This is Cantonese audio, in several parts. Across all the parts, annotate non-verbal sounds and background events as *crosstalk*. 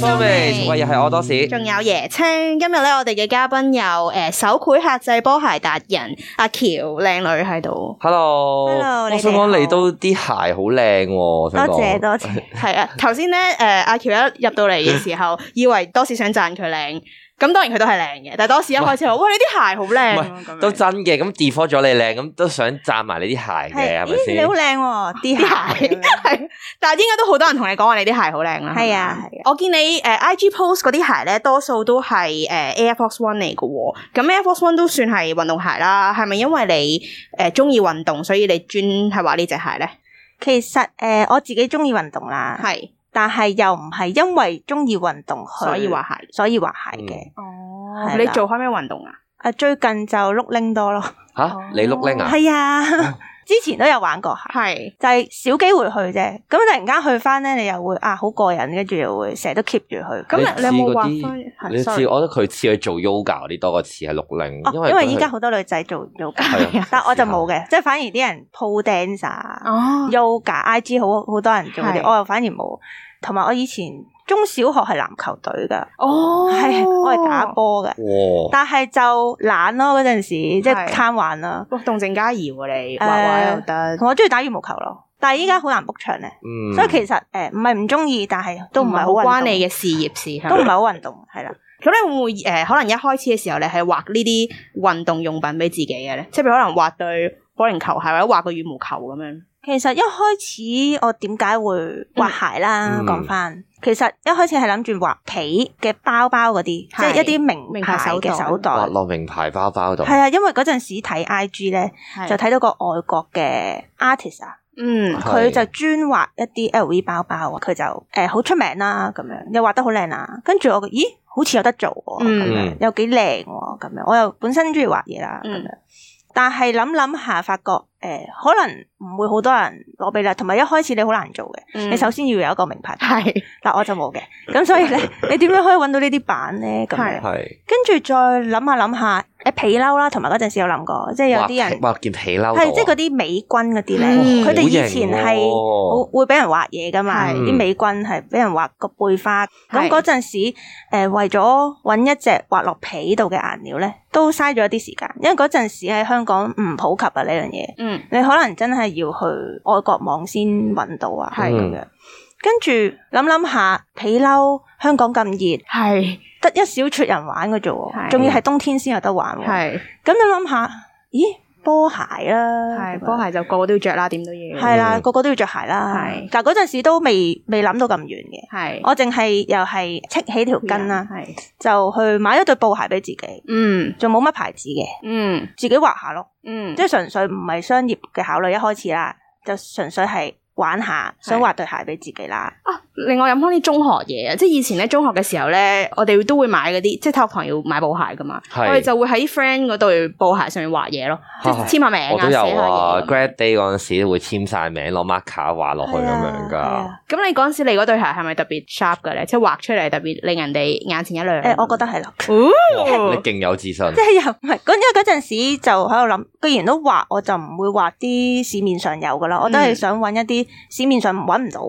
蘇眉，今日又係我多士，仲有椰青。今日咧，我哋嘅嘉賓有誒、呃，手繪客製波鞋達人阿 Kiu，靚、啊、女喺度。Hello，, Hello 我想講你都啲鞋好靚、啊。多謝多謝，係 *laughs* 啊。頭先咧，誒、呃，阿、啊、Kiu 一入到嚟嘅時候， *laughs* 以為多士想讚佢靚。咁當然佢都係靚嘅，但係當時一開始我，哇喂！你啲鞋好靚喂這樣，都真嘅。咁 default 咗你靚，咁都想讚埋你啲鞋嘅，係、欸、你好靚喎、哦，啲鞋係，但係應該都好多人同你講話你啲鞋好靚啦。係啊，啊我見你誒、呃、IG post 嗰啲鞋咧，多數都係誒、呃、Air Force One 嚟嘅喎。咁 Air Force One 都算係運動鞋啦，係咪因為你誒中意運動，所以你專係話呢隻鞋咧？其實誒、呃，我自己中意運動啦，係。但係又唔係因為中意運動所以畫鞋。所以畫鞋嘅。哦，你做開咩運動啊？啊，最近就碌拎多咯。吓，你碌拎啊？係啊，之前都有玩過，係就係少機會去啫。咁突然間去翻咧，你又會啊好過癮，跟住又會成日都 keep 住去。咁你有冇話？你似我覺得佢似去做 yoga 啲多過似係碌拎，因為因為依家好多女仔做 yoga，但我就冇嘅，即係反而啲人 po dance 啊 yoga IG 好好多人做，我又反而冇。同埋我以前中小學係籃球隊噶，係、oh, 我係打波嘅，oh. 但係就懶咯嗰陣時，oh. 即係貪玩啦。Oh, 動靜皆宜喎你，畫畫又得。呃、我中意打羽毛球咯，但係依家好難 book 場咧，mm. 所以其實誒唔係唔中意，但係都唔係好關你嘅事業事都唔係好運動係啦。咁 *laughs* 你會唔會誒、呃、可能一開始嘅時候你係畫呢啲運動用品俾自己嘅咧？即係譬如可能畫對保齡球鞋或者畫個羽毛球咁樣。其實一開始我點解會畫鞋啦？講翻、嗯嗯，其實一開始係諗住畫皮嘅包包嗰啲，是即係一啲名牌嘅手袋。畫落名，名牌包包度。係啊，因為嗰陣時睇 I G 咧，是就睇到個外國嘅 artist 啊，嗯是，佢就專畫一啲 L V 包包，呃、啊，佢就誒好出名啦，咁樣又畫得好靚啊，跟住我咦好似有得做咁，啊、樣，嗯、又幾靚咁樣，我又本身中意畫嘢啦，咁樣，嗯，但係諗諗下發覺。誒，可能唔會好多人攞俾你，同埋一開始你好難做嘅。你首先要有一個名牌，係嗱，我就冇嘅。咁所以咧，你點樣可以搵到呢啲版咧？咁係跟住再諗下諗下誒，皮褸啦，同埋嗰陣時有諗過，即係有啲人畫件皮褸，係即係嗰啲美軍嗰啲咧，佢哋以前係會俾人畫嘢噶嘛？啲美軍係俾人畫個背花。咁嗰陣時，誒為咗搵一隻畫落皮度嘅顏料咧，都嘥咗一啲時間，因為嗰陣時喺香港唔普及啊呢樣嘢。你可能真係要去外國網先揾到啊，係咁樣。跟住諗諗下皮褸，香港咁熱，係得的一小撮人玩嘅啫，仲的要係冬天先有得玩。係咁你諗下，咦？波鞋啦，吧波鞋就個個都要着啦，點都要係啦，個個都要着鞋啦。是但嗰陣時都未未諗到咁遠嘅，是我淨係又係戚起條筋啦，啊、就去買一對布鞋俾自己，就冇乜牌子嘅，嗯、自己畫下咯，嗯、即係純粹唔係商業嘅考慮，一開始啦，就純粹係。玩下想畫對鞋俾自己啦。啊，另外有翻啲中學嘢啊，即係以前咧中學嘅時候咧，我哋都會買嗰啲，即係體育堂要買布鞋噶嘛，我哋就會喺 friend 嗰對布鞋上面畫嘢咯，即係簽下名啊，寫下嘢。我都有啊，grad day 嗰陣時會簽晒名，攞 marker 畫落去咁樣噶。咁你嗰陣時你嗰對鞋係咪特別 sharp 嘅咧？即係畫出嚟特別令人哋眼前一亮。誒，我覺得係咯。你勁有自信。即係又唔係？因為嗰陣時就喺度諗，既然都畫，我就唔會畫啲市面上有噶啦，我都係想揾一啲。市面上揾唔到，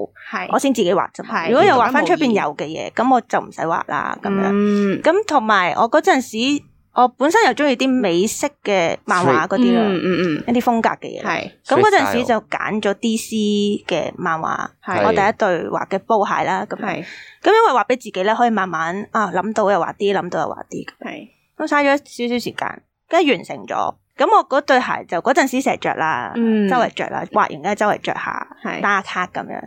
我先自己畫啫。如果有畫翻出邊有嘅嘢，咁我就唔使畫啦。咁樣，咁同埋我嗰陣時，我本身又中意啲美式嘅漫畫嗰啲啦，一啲風格嘅嘢。係，咁嗰陣時就揀咗 DC 嘅漫畫。係，我第一對畫嘅波鞋啦。咁係，咁因為畫俾自己咧，可以慢慢啊諗到又畫啲，諗到又畫啲。係，都嘥咗少少時間，跟住完成咗。咁我嗰對鞋就嗰陣時成日着啦，嗯、周圍着啦，畫完咧周圍着下，是打下卡咁樣。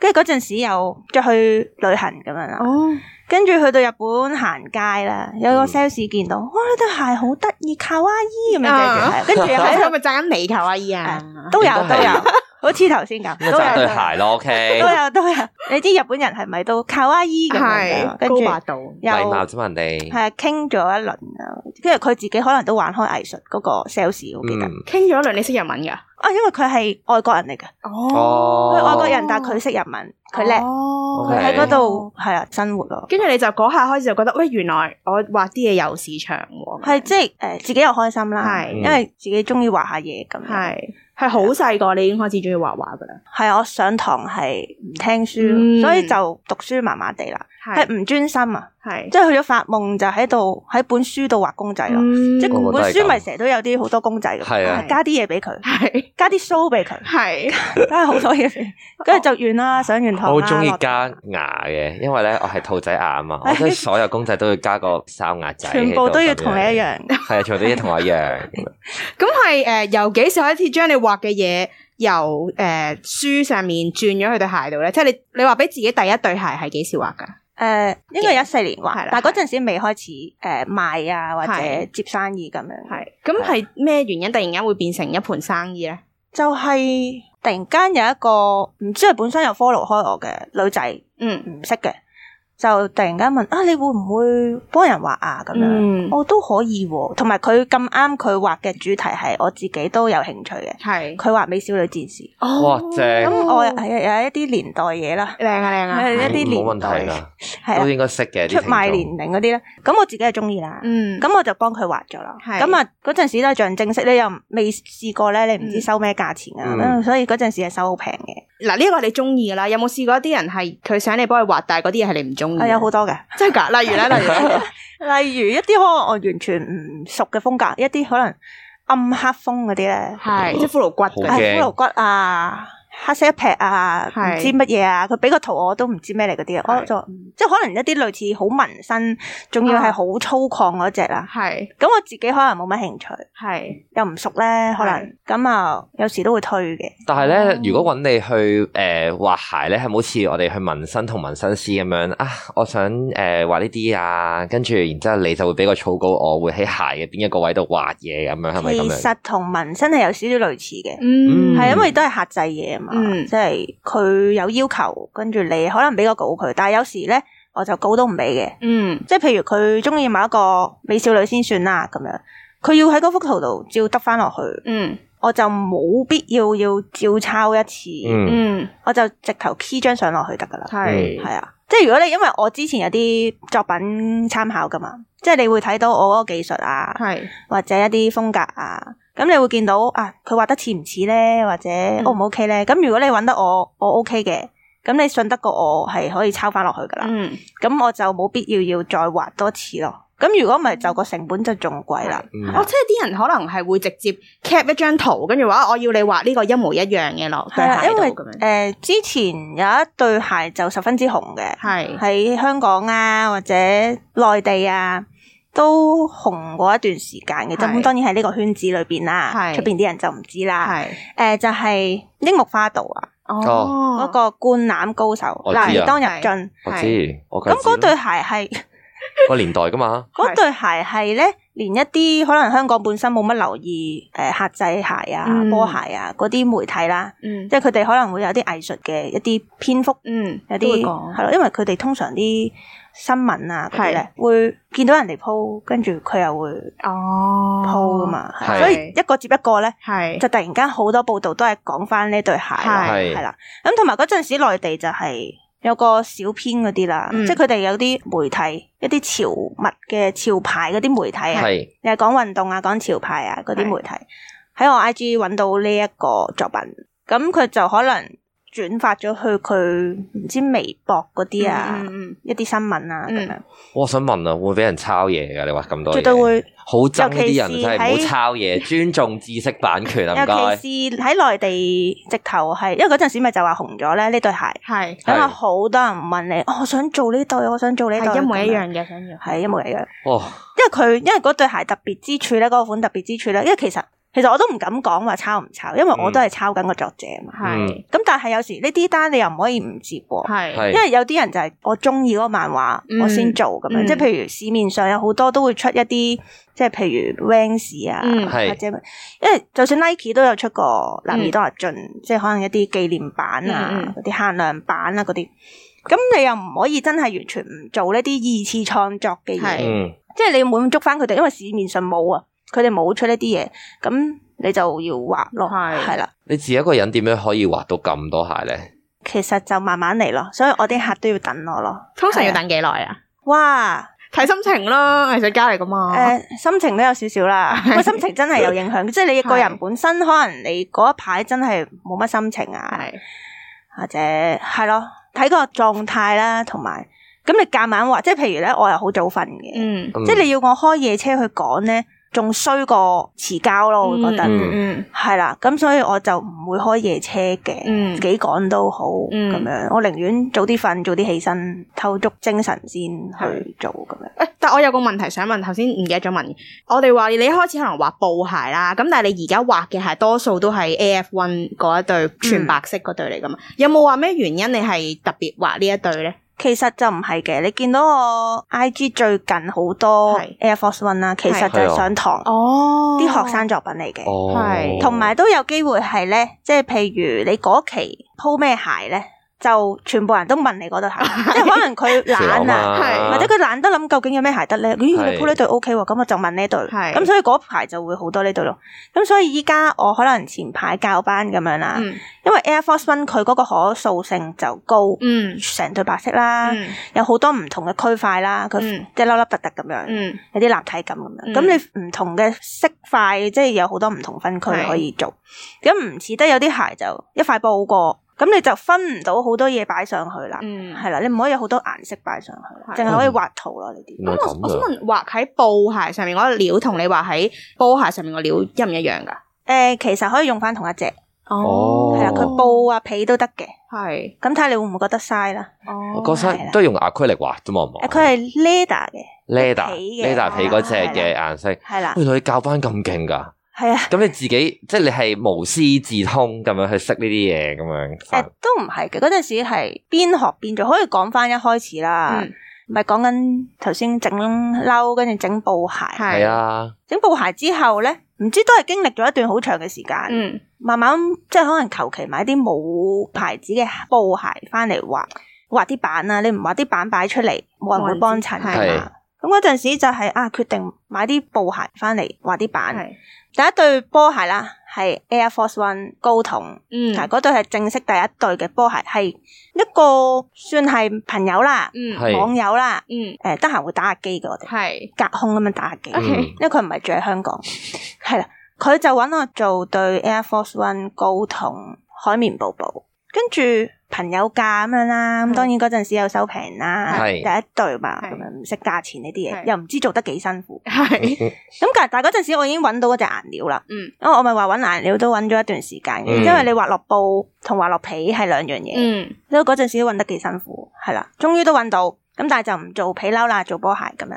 跟住嗰陣時又着去旅行咁樣啦，哦、跟住去到日本行街啦，有個 sales 見到、嗯、哇呢對鞋好得意，卡哇伊咁樣跟住，跟住喺咪讚緊你卡哇伊啊？都有都有。 *laughs* 好似頭先咁，都有 *laughs* 對鞋咯，OK。都有都有，你知日本人係咪都卡哇伊咁樣噶？跟住是後高八度，美后貌，啫係啊，傾咗一輪啊，因為佢自己可能都玩開藝術嗰個 sales，我記得。傾咗、嗯、一輪，你識日文噶？啊，因為佢係外國人嚟嘅，佢、oh, 外國人、oh, 但係佢識日文，佢叻、oh,，佢喺嗰度係啊生活咯。跟住你就嗰下開始就覺得，喂，原來我畫啲嘢有市場喎。係即係誒、呃，自己又開心啦，係、mm. 因為自己中意畫下嘢咁。係係好細個，你已經開始中意畫畫噶啦。係我上堂係唔聽書，mm. 所以就讀書麻麻地啦。係唔專心啊！係即係去咗發夢，就喺度喺本書度畫公仔咯。即係本本書咪成日都有啲好多公仔嘅，加啲嘢俾佢，加啲梳俾佢，係加好多嘢。跟住就完啦，上完堂。我好中意加牙嘅，因為咧我係兔仔牙啊嘛，所以所有公仔都要加個哨牙仔，全部都要同你一樣。係啊，全部都要同我一樣。咁係誒，由幾時開始將你畫嘅嘢由誒書上面轉咗去對鞋度咧？即係你你話俾自己第一對鞋係幾時畫噶？誒、呃，應該係一四年話，但係嗰陣時未開始誒、呃、賣啊或者接生意咁樣，係。咁係咩原因突然間會變成一盤生意咧？就係突然間有一個唔知係本身有 follow 開我嘅女仔，嗯唔識嘅。就突然間問啊，你會唔會幫人畫啊？咁樣我都可以、啊，同埋佢咁啱佢畫嘅主題係我自己都有興趣嘅。係佢畫美少女戰士，哦、哇正！咁我係有一啲年代嘢啦，靚啊靚啊，一啲年齡問題，都應該識嘅。出賣年齡嗰啲咧，咁我自己係中意啦。嗯，咁我就幫佢畫咗啦。咁啊嗰陣時咧，象徵式咧又未試過咧，你唔知收咩價錢啊，嗯、所以嗰陣時係收好平嘅。嗱，呢個你中意㗎啦，有冇試過一啲人係佢想你幫佢畫，但係嗰啲嘢係你唔中意？有好多嘅，真係噶，例如咧，例如咧，例如一啲可能我完全唔熟嘅風格，一啲可能暗黑風嗰啲咧，即骷髏骨，係骷髏骨啊。黑色一撇啊，唔知乜嘢啊，佢俾個圖我都唔知咩嚟嗰啲啊，我就即係可能一啲類似好紋身，仲要係好粗獷嗰隻啦。係咁、啊、我自己可能冇乜興趣，係是又唔熟咧，可能咁啊，是有時都會推嘅。但係咧，如果搵你去誒畫、呃、鞋咧，係好似我哋去紋身同紋身師咁樣啊，我想誒畫呢啲啊，跟住然之後你就會俾個草稿，我會喺鞋嘅邊一個位度畫嘢咁樣，係咪？其實同紋身係有少少類似嘅，係、嗯、因為都係客製嘢。嗯，即係佢有要求，跟住你可能俾個稿佢，但係有時咧，我就稿都唔俾嘅。嗯，即係譬如佢中意某一個美少女先算啦，咁樣佢要喺嗰幅圖度照得翻落去。嗯，我就冇必要要照抄一次。嗯，我就直頭 key 張相落去得噶啦。係係是是啊，即係如果你因為我之前有啲作品參考噶嘛，即係你會睇到我嗰個技術啊，係是或者一啲風格啊。咁你會見到啊，佢畫得似唔似咧，或者 O 唔 O K 咧？咁、嗯、如果你揾得我，我 O K 嘅，咁你信得過我係可以抄翻落去噶啦。咁、嗯、我就冇必要要再畫多次咯。咁如果唔係，就個成本就仲貴啦。哦，即係啲人可能係會直接 cap 一張圖，跟住話我要你畫呢個一模一樣嘅咯。係啊，概因為誒樣、呃、之前有一對鞋就十分之紅嘅，係喺是香港啊或者內地啊。都紅過一段時間嘅，就咁是當然喺呢個圈子裏邊啦，出邊啲人就唔知啦。誒是、呃，就係、是、櫻木花道啊，嗰、哦哦、個灌籃高手，男當入樽。我知、啊，我咁嗰對鞋係個年代㗎嘛？嗰對 *laughs* 鞋係咧。連一啲可能香港本身冇乜留意，誒客製鞋啊、波鞋啊嗰啲媒體啦，即係佢哋可能會有啲藝術嘅一啲篇幅，有啲係咯，因為佢哋通常啲新聞啊，係咧會見到人哋 po，跟住佢又會 po 啊嘛，所以一個接一個咧，就突然間好多報道都係講翻呢對鞋，係啦，咁同埋嗰陣時內地就係。有個小編嗰啲啦，嗯、即係佢哋有啲媒體，一啲潮物嘅潮牌嗰啲媒體啊，是你係講運動啊，講潮牌啊嗰啲媒體喺是我 IG 揾到呢一個作品，咁佢就可能。轉發咗去佢唔知微博嗰啲啊，一啲新聞啊咁樣。我想問啊，會俾人抄嘢噶？你話咁多絕對會好憎嗰啲人，真係唔好抄嘢，尊重知識版權啊！尤其是喺內地直頭係，因為嗰陣時咪就話紅咗咧呢對鞋。係咁啊，好多人問你，我想做呢對，我想做呢對，一模一樣嘅，想要，係一模一樣。哦，因為佢因為嗰對鞋特別之處咧，嗰款特別之處咧，因為其實。其實我都唔敢講話抄唔抄，因為我都係抄緊個作者啊嘛。咁、嗯、但係有時呢啲單你又唔可以唔接，是因為有啲人就係我中意嗰個漫畫，我先做咁樣。即係譬如市面上有好多都會出一啲，即係譬如 W-inds 啊，嗯、或者是因為就算 Nike 都有出過男兒當入樽，嗯、即係可能一啲紀念版啊、嗰啲、嗯、限量版啊嗰啲。咁、嗯、你又唔可以真係完全唔做呢啲二次創作嘅嘢，即係你要滿足翻佢哋，因為市面上冇啊。佢哋冇出呢啲嘢，咁你就要畫咯，係啦。你自己一個人點樣可以畫到咁多鞋咧？其實就慢慢嚟咯，所以我啲客都要等我咯。通常要等幾耐啊？哇，睇心情咯，藝術家嚟㗎嘛？誒，心情都有少少啦。個，心情真係有影響，即係你一個人本身，可能你嗰一排真係冇乜心情啊，或者係咯，睇個狀態啦，同埋咁你夾晚畫，即係譬如咧，我又好早瞓嘅，嗯，即係你要我開夜車去趕咧。仲衰過遲交咯，我覺得，嗯，係啦的，咁、嗯、所以我就唔會開夜車嘅，幾趕、嗯、都好，咁、嗯、樣，我寧願早啲瞓，早啲起身，透足精神先去做咁樣。誒的，但我有個問題想問，頭先唔記得咗問，我哋話你一開始可能畫布鞋啦，咁但係你而家畫嘅鞋多數都係 AF1 嗰一對全白色嗰對嚟噶嘛？嗯、有冇話咩原因你係特別畫呢一對咧？其實就唔係嘅，你見到我 I G 最近好多 Air Force One 啦是，其實就係上堂哦，啲學生作品嚟嘅。係是，同埋、哦、都有機會係咧，即係譬如你嗰期鋪咩鞋咧？就全部人都問你嗰對鞋，即係可能佢懶啊，或者佢懶得諗究竟有咩鞋得咧。咦，你鋪呢對 O K 喎，咁我就問呢對。咁所以嗰排就會好多呢對咯。咁所以依家我可能前排教班咁樣啦，因為 Air Force One 佢嗰個可塑性就高，成對白色啦，有好多唔同嘅區塊啦，佢即係粒粒凸凸咁樣，有啲立體感咁樣。咁你唔同嘅色塊，即係有好多唔同分區可以做。咁唔似得有啲鞋就一塊布過。咁你就分唔到好多嘢擺上去啦，係啦，你唔可以有好多顏色擺上去，淨係可以畫圖咯呢啲。咁我想問，畫喺布鞋上面個料同你畫喺布鞋上面個料一唔一樣噶？誒，其實可以用翻同一隻，係啦，佢布啊皮都得嘅。係，咁睇你會唔會覺得嘥啦？我覺得都係用壓克力嚟畫啫嘛。誒，佢係 leather 嘅，皮嘅 leather 皮嗰隻嘅顏色。係啦，原來你教翻咁勁㗎！係啊，咁、嗯、你自己即係你係無師自通咁樣去識呢啲嘢咁樣？誒、呃，都唔係嘅，嗰陣時係邊學邊做，可以講翻一開始啦，唔係講緊頭先整褸，跟住整布鞋，係啊，整布鞋之後咧，唔知都係經歷咗一段好長嘅時間，嗯、慢慢即係可能求其買啲冇牌子嘅布鞋翻嚟畫，畫啲板啊。你唔畫啲板擺出嚟，冇人會幫襯㗎嘛。咁嗰陣時就係、是、啊，決定買啲布鞋翻嚟畫啲板。是第一對波鞋啦，係 Air Force One 高筒，係嗰、嗯、對係正式第一對嘅波鞋，係一個算係朋友啦，嗯、網友啦，誒得閒會打下機嘅我哋，是隔空咁樣打下機，Okay. 因為佢唔係住喺香港，係啦， *laughs* 佢就揾我做對 Air Force One 高筒海綿寶寶，跟住。朋友價咁樣啦，咁當然嗰陣時又收平啦，是第一對嘛，咁樣唔識價錢呢啲嘢，是又唔知做得幾辛苦。係咁是， *laughs* 但係嗰陣時我已經揾到嗰隻顏料啦。嗯，因為我咪話揾顏料都揾咗一段時間，嗯、因為你畫落布同畫落皮係兩樣嘢。嗯，都嗰陣時揾得幾辛苦，係啦，終於都揾到，咁但係就唔做皮褸啦，做波鞋咁樣，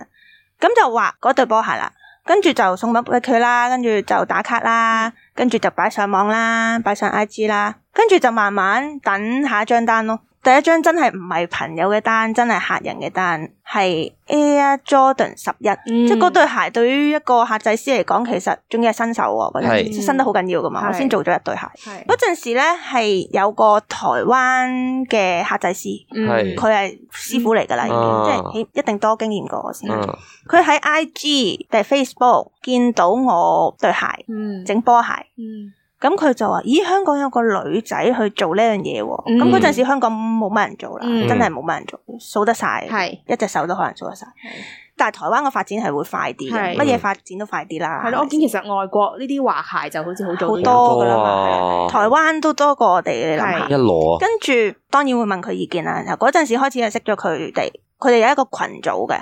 咁就畫嗰對波鞋啦，跟住就送品俾佢啦，跟住就打卡,就打卡就啦，跟住就擺上網啦，擺上 I G 啦。跟住就慢慢等下一張單咯。第一張真係唔係朋友嘅單，真係客人嘅單，係 Air Jordan 十一，嗯，即係嗰對鞋對於一個客製師嚟講，其實仲要係新手喎，嗰陣時，新得好緊要噶嘛，嗯、我先做咗一對鞋。嗰陣是時咧係有個台灣嘅客製師，佢係是、嗯、師傅嚟噶啦，已經、嗯、即係一定多經驗過我先。佢喺、嗯嗯、IG 定係 Facebook 見到我對鞋，整波鞋。嗯嗯咁佢就話：咦，香港有個女仔去做呢樣嘢喎。咁嗰陣時香港冇乜人做啦，真係冇乜人做，數得晒，係，一隻手都可能數得晒。但係台灣嘅發展係會快啲，乜嘢發展都快啲啦。係咯，我見其實外國呢啲畫鞋就好似好做好多㗎啦嘛，台灣都多過我哋。你諗下，一攞。跟住當然會問佢意見啦。然後嗰陣時開始係識咗佢哋，佢哋有一個群組嘅。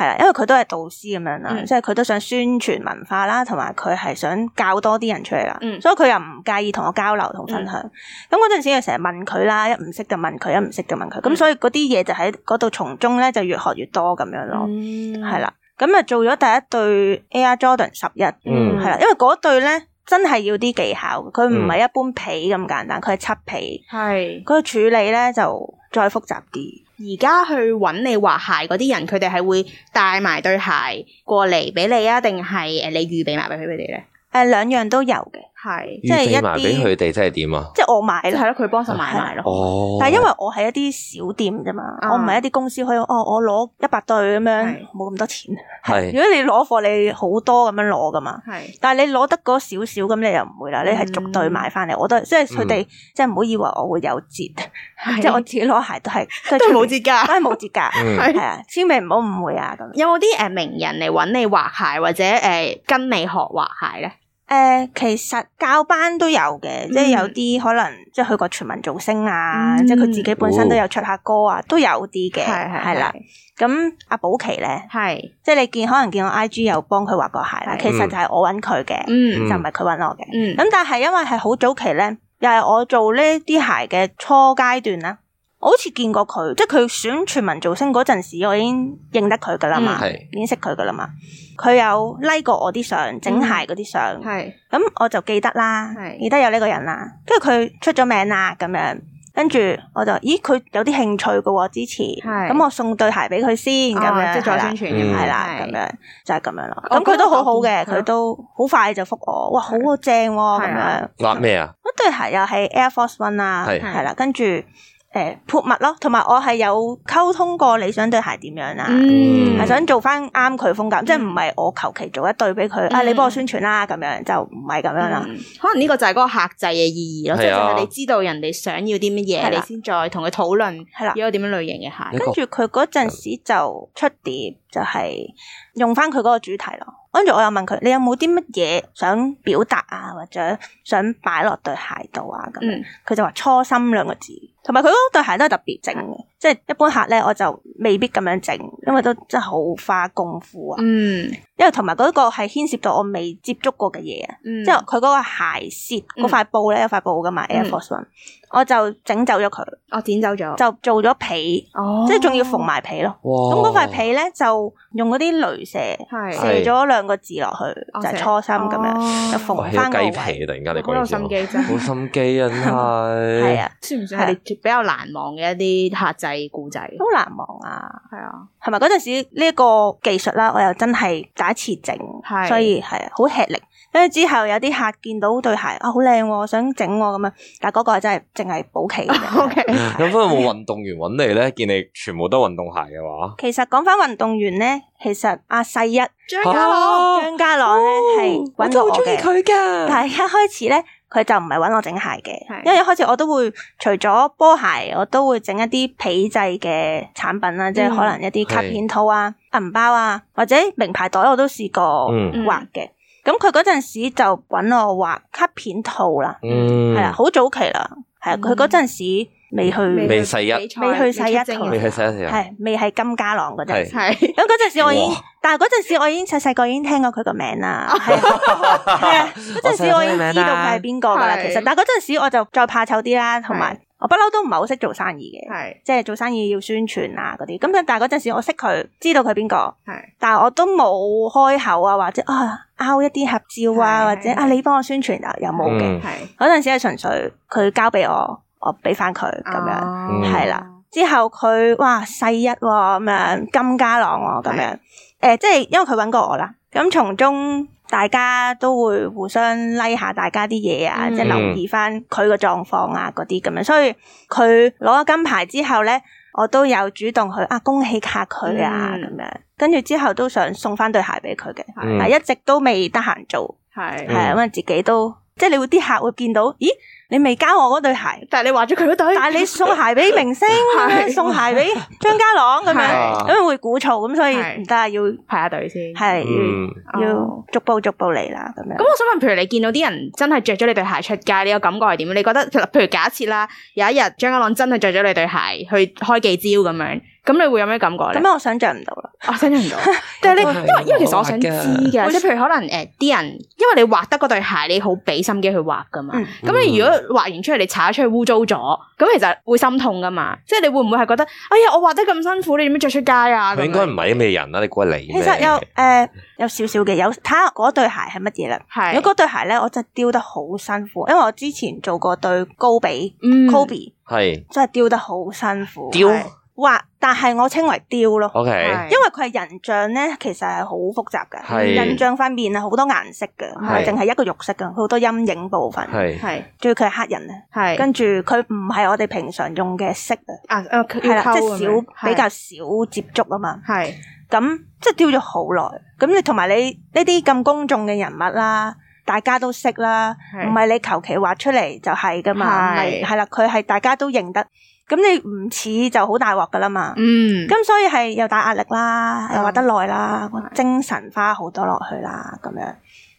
係啦，因為佢都係導師咁樣啦，即係佢都想宣傳文化啦，同埋佢係想教多啲人出嚟啦，嗯、所以佢又唔介意同我交流同分享。咁嗰陣時，我成日問佢啦，一唔識就問佢，一唔識就問佢。咁、嗯、所以嗰啲嘢就喺嗰度從中咧就越學越多咁樣咯，係啦、嗯。咁啊做咗第一對 Air Jordan 十一，嗯，係啦，因為嗰對咧真係要啲技巧，佢唔係一般皮咁簡單，佢係漆皮，係、嗯，嗰個處理咧就再複雜啲。而家去揾你畫鞋嗰啲人，佢哋係會帶埋對鞋過嚟畀你啊？定係誒你預備埋俾佢哋咧？誒兩樣都有嘅。係，即係一啲，佢哋即係點啊？即係我買係咯，佢幫手買埋咯。哦，但係因為我係一啲小店啫嘛，我唔係一啲公司可以哦。我攞一百對咁樣，冇咁多錢。係，如果你攞貨，你好多咁樣攞噶嘛。係，但係你攞得嗰少少，咁你又唔會啦。你係逐對買翻嚟，我都即係佢哋，即係唔好以為我會有折。即係我自己攞鞋都係，都冇折價，都係冇折價。係啊，千祈唔好誤會啊！咁有冇啲誒名人嚟搵你畫鞋或者誒跟你學畫鞋咧？誒，其實教班都有嘅，即係有啲可能即係去過全民造星啊，即係佢自己本身都有出下歌啊，都有啲嘅係係啦。咁阿寶琪咧，係即係你見可能見我 I G 有幫佢畫過鞋啦，其實就係我揾佢嘅，就唔係佢揾我嘅。咁但係因為係好早期咧，又係我做呢啲鞋嘅初階段啦。我好似見過佢，即係佢選全民造星嗰陣時，我已經認得佢噶啦嘛，已經識佢噶啦嘛。佢有 like 過我啲相，整鞋嗰啲相，係咁我就記得啦，記得有呢個人啦。跟住佢出咗名啦，咁樣跟住我就咦，佢有啲興趣噶喎，支持，咁我送對鞋俾佢先咁樣，即係再宣傳，係啦咁樣就係咁樣咯。咁佢都好好嘅，佢都好快就覆我，哇好正咁樣。嗱，咩啊？嗰對鞋又係 Air Force One 啦，係啦，跟住。誒，潑墨、哎、咯，同埋我係有溝通過你想對鞋點樣啦、啊，係、嗯、想做翻啱佢風格，嗯、即係唔係我求其做一對俾佢，嗯、啊你幫我宣傳啦，咁樣就唔係咁樣啦、嗯。可能呢個就係嗰個客製嘅意義咯，嗯、即係你知道人哋想要啲乜嘢，了你先再同佢討論係啦。要有點樣類型嘅鞋？了跟住佢嗰陣時就出碟，就係用翻佢嗰個主題咯。跟住我又問佢，你有冇啲乜嘢想表達啊，或者想擺落對鞋度啊？咁佢、嗯、就話初心兩個字。同埋佢嗰對鞋都係特別整嘅，即係一般客咧我就未必咁樣整，因為都真係好花功夫啊。嗯，因為同埋嗰個係牽涉到我未接觸過嘅嘢啊。嗯，即係佢嗰個鞋舌嗰塊布咧有塊布噶嘛 Air Force One，我就整走咗佢。我剪走咗。就做咗皮，即係仲要縫埋皮咯。咁嗰塊皮咧就用嗰啲鐳射，係射咗兩個字落去，就初心咁樣，就縫翻嗰皮。有心機啊！突然間你講呢啲，好心機啊，真係。係啊，算唔算係？比較難忘嘅一啲客製故仔，好難忘啊！係啊，係咪嗰陣時呢一個技術啦、啊，我又真係第一次整，所以係好吃力。跟住之後有啲客見到對鞋啊，好靚、啊，我想整咁樣，但嗰個真係淨係保期。咁不過冇運動員揾你咧，見你全部都運動鞋嘅話其運，其實講翻運動員咧，其實阿世一張家朗，張、啊、家朗咧係、哦、揾到好中意佢噶，但係一開始咧。佢就唔係揾我整鞋嘅，是因為一開始我都會除咗波鞋，我都會整一啲皮製嘅產品啦，嗯、即係可能一啲卡片套啊、銀是包啊，或者名牌袋我都試過畫嘅。咁佢嗰陣時就揾我畫卡片套啦，係、嗯、啊，好早期啦，係啊，佢嗰陣時未去，未世一，未去世一，未去世一係，未係金家朗嗰陣，咁嗰陣時我已經，但係嗰陣時我已經細細個已經聽過佢個名啦，係啊，嗰陣時我已經知道佢係邊個噶啦，其實，但係嗰陣時我就再怕醜啲啦，同埋我不嬲都唔係好識做生意嘅，係，即係做生意要宣傳啊嗰啲，咁但係嗰陣時我識佢，知道佢邊個，係，但係我都冇開口啊，或者啊拗一啲合照啊，或者啊你幫我宣傳啊，有冇嘅，係，嗰陣時係純粹佢交俾我。我俾翻佢咁樣，係啦。之後佢哇世一咁樣張家朗咁樣，誒，即係因為佢揾過我啦。咁從中大家都會互相拉下大家啲嘢啊，即係留意翻佢個狀況啊，嗰啲咁樣。所以佢攞咗金牌之後咧，我都有主動去啊，恭喜下佢啊，咁樣。跟住之後都想送翻對鞋俾佢嘅，但係一直都未得閒做，係係因為自己都即係你會啲客會見到咦？你未交我嗰對鞋，但係你畫咗佢嗰對，但係你送鞋俾明星，送鞋俾張家朗咁樣，咁會鼓噪，咁所以唔得啊，要排下隊先。係，要逐步逐步嚟啦，咁樣。咁我想問，譬如你見到啲人真係着咗你對鞋出街，你個感覺係點？你覺得，譬如假設啦，有一日張家朗真係着咗你對鞋去開記招咁樣，咁你會有咩感覺咧？咁樣我想象唔到啦，我想象唔到。但係你，因為因為其實我想知嘅，即係譬如可能誒啲人，因為你畫得嗰對鞋，你好俾心機去畫噶嘛，咁你如果。畫完出嚟，你踩出去污糟咗，咁其實會心痛噶嘛？即係你會唔會係覺得，哎呀，我畫得咁辛苦，你點樣着出街啊？佢應該唔係啲咩人啦，啊，你估係你？其實有誒、 *laughs* 呃，有少少嘅，有睇下嗰對鞋係乜嘢啦。係是，嗰對鞋咧，我真係丟得好辛苦，因為我之前做過對高比，嗯，Kobe 係，真係丟得好辛苦。丟畫，但係我稱為雕咯。Okay. 因為佢係人像咧，其實係好複雜嘅。係是人像塊面係好多顏色嘅，淨係、mm hmm. 一個肉色噶，好多陰影部分。係係是，仲要佢係黑人咧。係是跟住佢唔係我哋平常用嘅色啊。啊啊係啦，即係少比較少接觸啊嘛。係咁是，即係雕咗好耐。咁、就是、你同埋你呢啲咁公眾嘅人物啦，大家都識啦，唔係你求其畫出嚟就係噶嘛？係係啦，佢係大家都認得。咁你唔似就好大鑊㗎啦嘛，咁、嗯、所以係又大壓力啦，又畫得耐啦，嗯、精神花好多落去啦，咁樣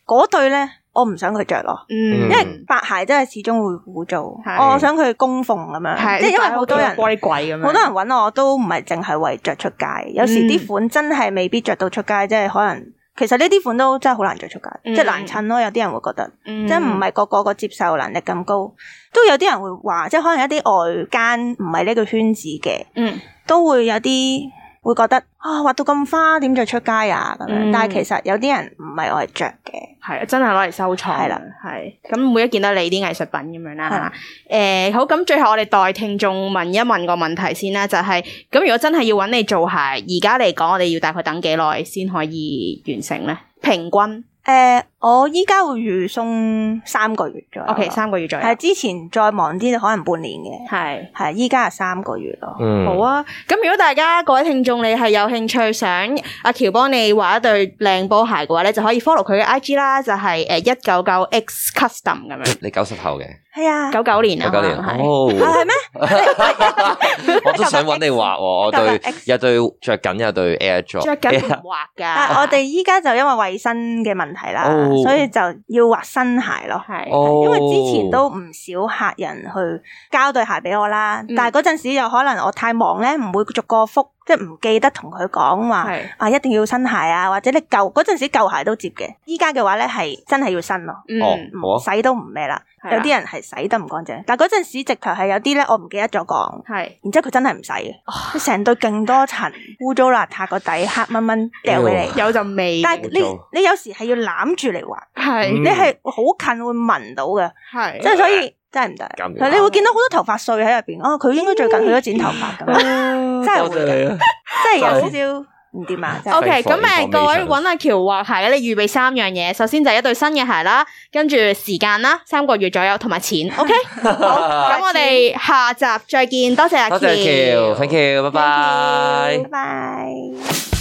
嗰對咧，我唔想佢着咯，嗯、因為白鞋真係始終會污糟，是我想佢供奉咁樣，是即係因為好多人貴貴咁樣，好多人揾我都唔係淨係為着出街，嗯、有時啲款真係未必着到出街，即係可能。其實呢啲款都真係好難着出街，嗯、即係難襯咯。有啲人會覺得，嗯、即係唔係個個個接受能力咁高，都有啲人會話，即係可能一啲外間唔係呢個圈子嘅，嗯、都會有啲。會覺得啊，畫到咁花，點著出街啊咁樣？嗯、但係其實有啲人唔係我嚟着嘅，係真係攞嚟收藏。係啦，係。咁每一件都係你啲藝術品咁樣啦。誒的、欸，好，咁最後我哋代聽眾問一問個問題先啦，就係、是、咁如果真係要揾你做鞋，而家嚟講，我哋要大概等幾耐先可以完成咧？平均誒。欸我依家會預送三個月左右，OK，三個月左右。係之前再忙啲，可能半年嘅。係係依家係三個月咯。嗯，好啊。咁如果大家各位聽眾你係有興趣想阿喬幫你畫一對靚波鞋嘅話咧，就可以 follow 佢嘅 IG 啦，就係誒一九九 X Custom 咁樣。你九十後嘅？係啊，九九年啊，九九年，係咩？我都想揾你畫喎，對，有對着緊，有對 Air Drop 着緊唔畫㗎。我哋依家就因為衛生嘅問題啦。所以就要畫新鞋咯，是哦、因為之前都唔少客人去交對鞋俾我啦，嗯、但係嗰陣時可能我太忙咧，唔會逐個覆即係唔記得同佢講話，啊，一定要新鞋啊，或者你舊嗰陣時舊鞋都接嘅。依家嘅話咧，係真係要新咯，唔洗都唔咩啦，有啲人係洗得唔乾淨，但係嗰陣時直頭係有啲咧我唔記得咗講，然之後佢真係唔洗，成對勁多塵污糟邋遢個底黑掹掹掉俾你，有陣味，但係你你有時係要攬住嚟畫，你係好近會聞到嘅，即係所以。真係唔得，你會見到好多頭髮碎喺入邊。哦，佢應該最近去咗剪頭髮，咁樣真係會嘅，真係有少少唔掂啊。OK，咁誒，各位揾阿 Kiu 畫鞋，你預備三樣嘢，首先就係一對新嘅鞋啦，跟住時間啦，三個月左右，同埋錢。OK，好，咁我哋下集再見，多謝阿 Kiu，Thank you，拜拜，拜拜。